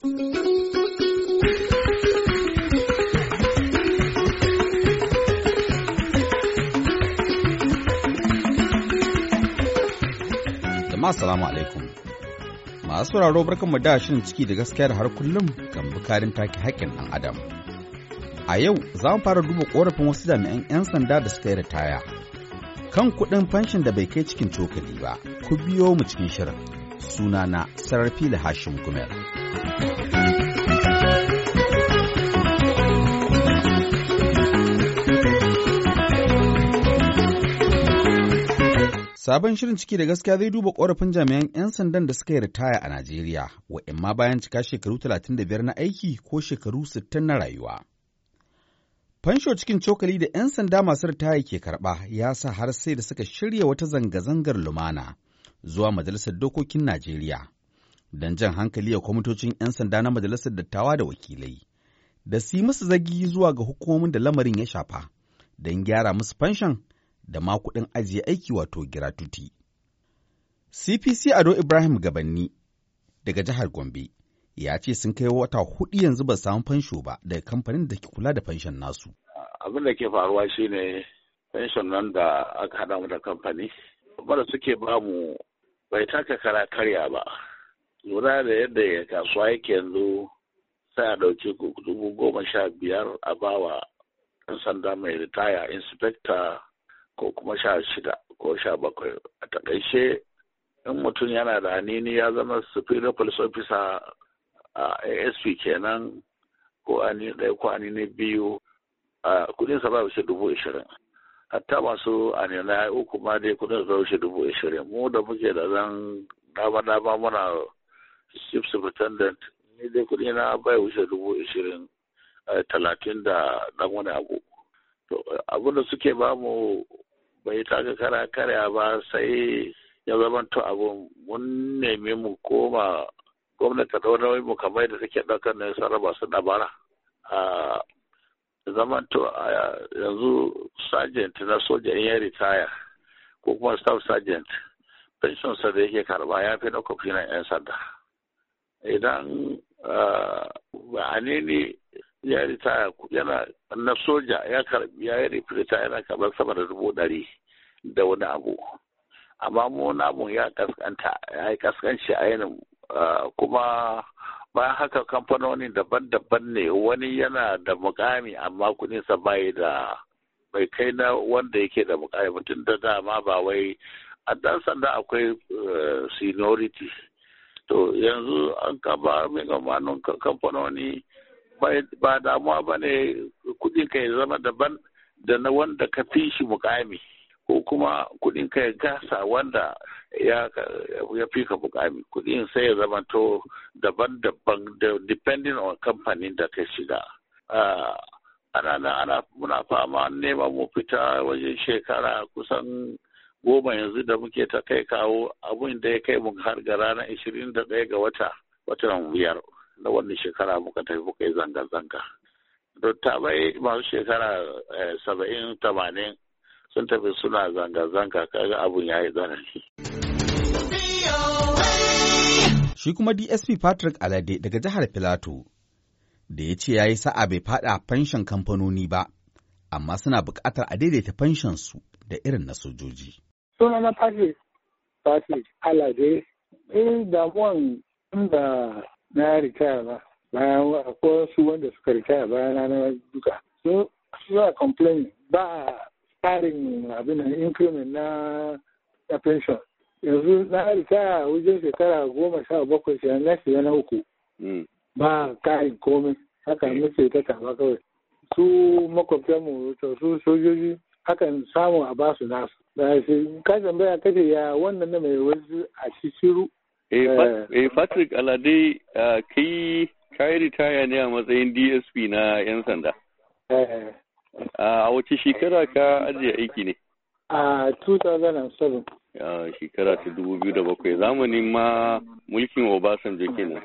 Jama'a salamu alaikum. Masu sauraro barkanmu da shirin ciki da gaskiya da har kullum kan bukarin take haƙƙin ɗan adam. A yau za mu fara duba ƙorafin wasu jami'an 'yan sanda da suka yi ritaya. Kan kuɗin fanshin da bai kai cikin cokali ba, ku biyo mu cikin shirin. Sunana Sarrafi Hashim Gumel. Sabon shirin ciki da gaskiya zai duba ƙorafin jami'an 'yan sandan da suka yi ritaya a Najeriya, ma bayan cika shekaru 35 na aiki ko shekaru 60 na rayuwa. Fansho cikin cokali da 'yan sanda masu ritaya ke karɓa ya sa har sai da suka shirya wata zanga-zangar lumana zuwa Majalisar Dokokin Najeriya don jan hankali a kwamitocin 'yan sanda na majalisar dattawa da wakilai da su musu zagi zuwa ga hukumomin da lamarin ya shafa don gyara musu fanshan da ma kuɗin ajiye aiki wato giratuti. CPC Ado Ibrahim Gabanni daga jihar Gombe ya ce sun kai wata hudu yanzu ba samu fansho ba daga kamfanin da ke kula da fanshan nasu. Abin da ke faruwa shine fanshan nan da aka haɗa mu da kamfani, wanda suke bamu bai taka kara karya ba. lura da yadda kasuwa yake yanzu sai a ɗauki dubu goma sha biyar a bawa ɗan sanda mai ritaya inspector ko kuma sha shida ko sha bakwai a takaice in mutum yana da hanini ya zama superior police officer a asp kenan ko anini ɗaya ko ne biyu a kudin sa ba shi dubu ishirin hatta masu anina uku ma dai kudin sa shi dubu ishirin mu da muke da zan dama dama muna chief superintendent ni dai kuɗi na bai wuce dubu ishirin eh, talatin da ɗan wani abu to abin da suke bamu bai taka kara karya ba sai ya zama to abin mun nemi mu koma gwamnati ta wani mu kamar da take ɗaukar ne sarrafa su dabara ah, a zaman to ah, yanzu sergeant na soja in ya ritaya ko kuma staff sergeant pension sa da yake karba ya fi na kofi na 'yan sanda idan ba ah, ne ya ritaya yana na soja ya karbi ya yi rifirita yana kamar sama da dubu ɗari da wani abu amma mu namun ya kaskanta ya yi kaskanci a yanin ah, kuma bayan haka kamfanoni daban-daban ne wani yana da mukami amma kudinsa bai da bai kai na wanda yake da mukami mutum da dama ba wai a dan sanda akwai eh, seniority to yanzu an mai gamanin kamfanoni ba damuwa ba ne kudin ka ya zama daban da na wanda ka fi shi mukami ko kuma kudin ka ya gasa wanda ya fi ka mukami kudin sai ya zama to daban-daban da depending on kamfanin da ka shiga ana ana muna fama nema mu fita wajen shekara kusan goma yanzu da muke ta kai kawo abun da ya kai mu har ga ranar ishirin da ɗaya ga wata watan biyar na wannan shekara muka tafi muka yi zanga-zanga. bai masu shekara eh, saba'in tamanin sun tafi suna zanga-zanga kaga abin ya yi Shi kuma DSP Patrick Alade daga jihar Filato da ya ce ya yi sa'a bai faɗa fanshan kamfanoni ba, amma suna buƙatar a daidaita fanshansu da irin na sojoji. sunana na Patrick Alade eh damuwan da na ritaya ba bayan akwai wasu wanda suka ritaya bayan na duka so suna complain ba tsarin abin increment na na pension yanzu na ritaya wajen shekara goma sha bakwai shi na shiga na uku hmm. ba karin komai haka hmm. muke ta taba kawai su makwabtanmu to su sojoji hakan samu a basu nasu ka tambaya kashe ya wannan na mai wasu a shishiru eh, eh. eh patrick alade ah, kai kayi ritaya ne a matsayin dsp na yan sanda eh. ah, a wace shekara ka ajiye aiki ne a 2007 shekara ta 2007 zamanin ma mulkin obasanjo kenan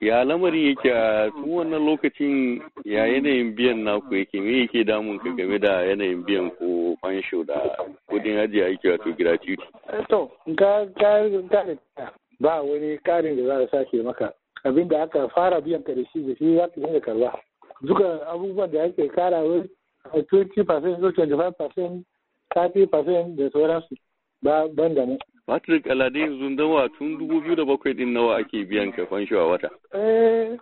ya lamarin yake a tun wannan lokacin ya yanayin biyan naku yake me yake damun ka game da yanayin biyan ko fansho da kudin a aiki wato gratuity eh, to ga ga ga ba wani karin da za a sake maka abin aka fara biyan ka da shi da shi za ka dinga karba duka abubuwan da ake kara wani 20% ko 25% 30% da sauransu ba ban da mu Patrick Alade yanzu wa tun dubu biyu da bakwai din nawa ake biyan ka fansho a wata? Eh,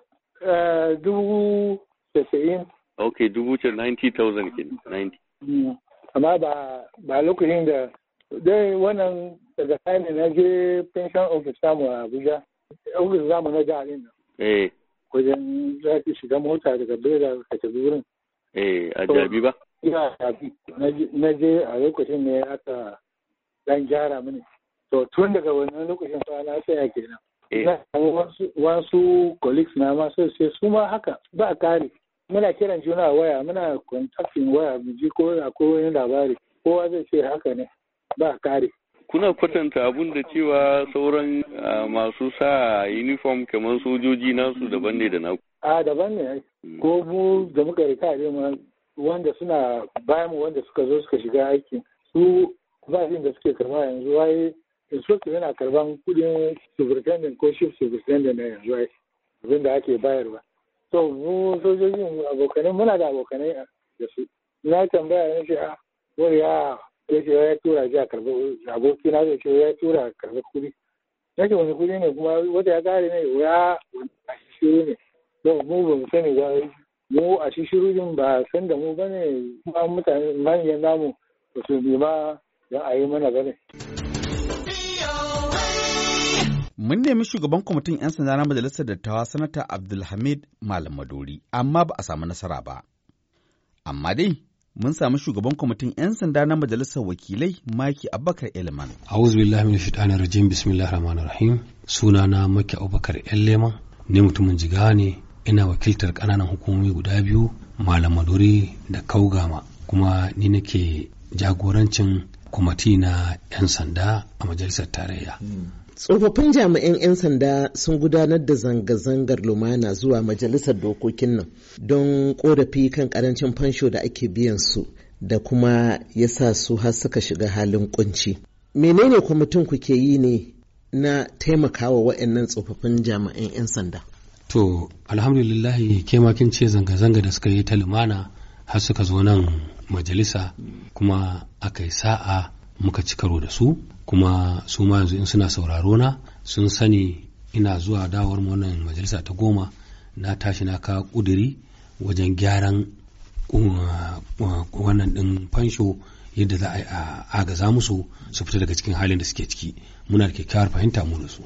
eh, dubu casa'in. Ok, dubu ce 90,000 ke 90. Hmm, amma ba ba lokacin da dai wannan daga kayan na je pension office samu a Abuja. za zamu na da nan. Eh. Wajen za ki shiga mota daga Bera ka tafi wurin. Eh, a Jabi ba? Ina Jabi. Na je a lokacin ne aka dan gyara mini. to tun daga wannan lokacin fa na tsaya kenan eh. wasu colleagues na ma sai sai su ma haka ba kare muna kiran juna waya muna contacting waya mu ji ko ko wani labari kowa zai ce haka ne ba kare kuna kwatanta abun da cewa sauran ah, masu sa uniform kamar sojoji nasu daban ne da naku a daban ne hmm. ko mu da muka rika ma wanda suna bayan mu wanda suka zo suka shiga aiki su ba da suke kama yanzu waye inspector yana karban kudin superintendent ko chief superintendent na yanzu ai abin da ake bayarwa so mu sojojin abokanai muna da abokanai da su na tambaya ne shi ah, a wani ya ya ce ya tura ji a karbi aboki na zai ce ya tura a karbi kudi na ce wani kudi ne kuma wata ya kare ne ya wani a shiru ne don mu ba mu sani ba mu a shiru din ba san da mu ba ne kuma mutane manyan namu ba su nema don a yi mana ba ne. Mun nemi shugaban kwamitin 'yan sanda na majalisar dattawa sanata Abdulhamid Malam Madori, amma ba a samu nasara ba. Amma dai, mun samu shugaban kwamitin 'yan sanda na majalisar wakilai Maki Abubakar Elman. A'udhu billahi minash shaitanir rajim bismillahir rahmanir rahim. Sunana Maki Abubakar ne mutumin jiga ne, ina wakiltar ƙananan hukumomi guda biyu, Malam Madori da Kaugama, kuma ni nake jagorancin kwamiti na 'yan sanda a majalisar tarayya. Hmm. Tsofaffin jami'an 'yan sanda sun gudanar da zanga-zangar lumana zuwa majalisar dokokin nan don korafi kan karancin fansho da ake biyan su da kuma ya sa su har suka shiga halin kunci. Menene kwamitin ku ke yi ne na taimakawa waɗannan tsofaffin jami'an 'yan sanda? To, alhamdulillahi ke makin ce zanga-zanga da suka yi ta lumana har suka zo nan majalisa kuma aka yi sa'a muka ci karo da su kuma su ma yanzu in suna sauraro na sun sani ina zuwa dawar wannan majalisa ta goma na tashi na ka kuduri wajen gyaran uh, wannan din fansho yadda za a agaza musu su fita daga cikin halin da suke ciki muna da kyakkyawar fahimta mu da su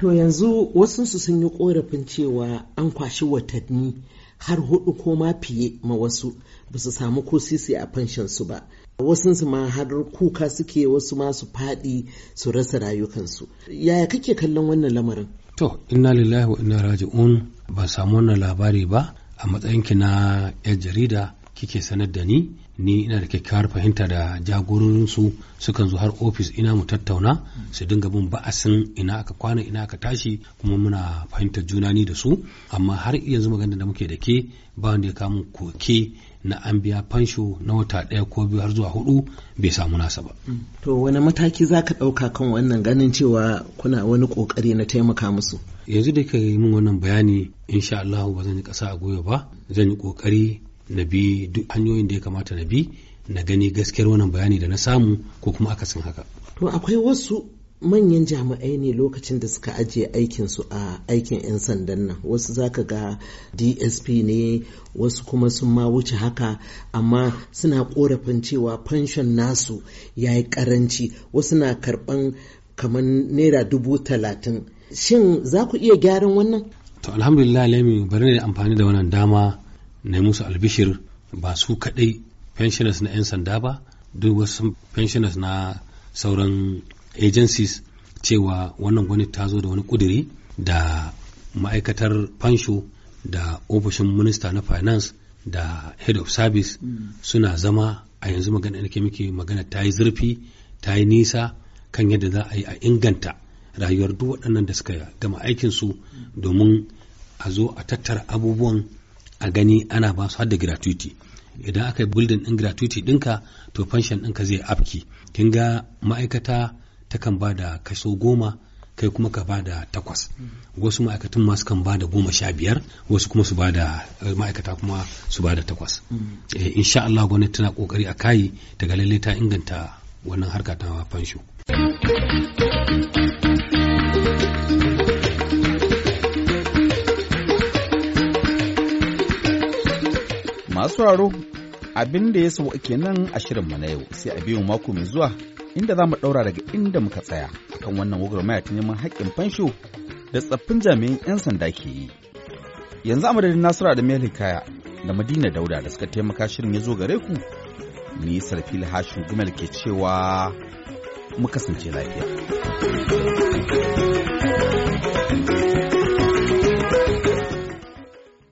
to yanzu wasu su sun yi korafin cewa an kwashi watanni har hudu ko ma fiye ma wasu ba su samu ko sisi a fanshan su ba wasu ma har kuka suke wasu ma su faɗi su rasa rayukansu yaya kake kallon wannan lamarin to inna lillahi wa inna raji'un ban samu wannan labari ba a matsayinki na yan jarida kike sanar da ni ni ina da kyakkyawar fahimta da su sukan zo har ofis ina mu tattauna su dinga bin ba'asin ina aka kwana ina aka tashi kuma muna fahimtar juna ni da su amma har yanzu magana da muke da ke ba wanda ya kamun koke na an biya fansho na wata ɗaya ko biyu har zuwa hudu bai samu nasa ba. Mm. To wani mataki za ka ɗauka kan wannan ganin cewa kuna wani ƙoƙari na taimaka musu? Yanzu da ka yi min wannan bayani insha Allahu ba zan yi ƙasa a goyo ba zan yi ƙoƙari na bi duk hanyoyin da ya kamata na bi na gani gaskiyar wannan bayani da na samu ko kuma akasin haka. To akwai wasu manyan jami'ai ne lokacin da suka ajiye aikinsu a aikin 'yan sandan nan wasu zaka ga dsp ne wasu kuma sun ma wuce haka amma suna korafin cewa fanshon nasu ya yi karanci wasu na karban kamar naira dubu talatin shin za ku iya gyaran wannan to alhamdulillah lami bari ne amfani da wannan dama na musu albishir ba su kadai pensioners na 'yan sanda ba duk wasu pensioners na sauran agencies cewa wannan gwamnati ta zo da wani kuduri da ma'aikatar fansho da ofishin minista na finance da head of service hmm. suna zama a yanzu magana da muke magana ta yi zurfi ta yi nisa kan yadda za a yi a inganta rayuwar duk waɗannan da suka gama aikinsu hmm. domin a zo a tattara abubuwan a gani ana ba su da gratuity idan aka yi building ɗin gratuity dinka to pension ɗinka zai afki kin ga ma'aikata takan ba da kaso goma kai kuma ka ba da takwas wasu ma'aikatan masu kan ba da goma sha biyar wasu kuma su ba da eh, ma'aikata kuma su ba da takwas mm. eh, insha Allah gwamnati tana kokari a kayi daga lalle ta inganta wannan harka ta fansho masu raro abinda ya ya ke nan a shirin na yau sai a biyu mako mai zuwa inda za mu ɗaura daga inda muka tsaya kan wannan gwagwarmaya ta neman haƙƙin fansho da tsaffin jami'in 'yan sanda ke yi. Yanzu a madadin Nasura da Mel Kaya da Madina Dauda da suka taimaka shirin ya zo gare ku, ni Sarfil Hashin Gumel ke cewa mu kasance lafiya.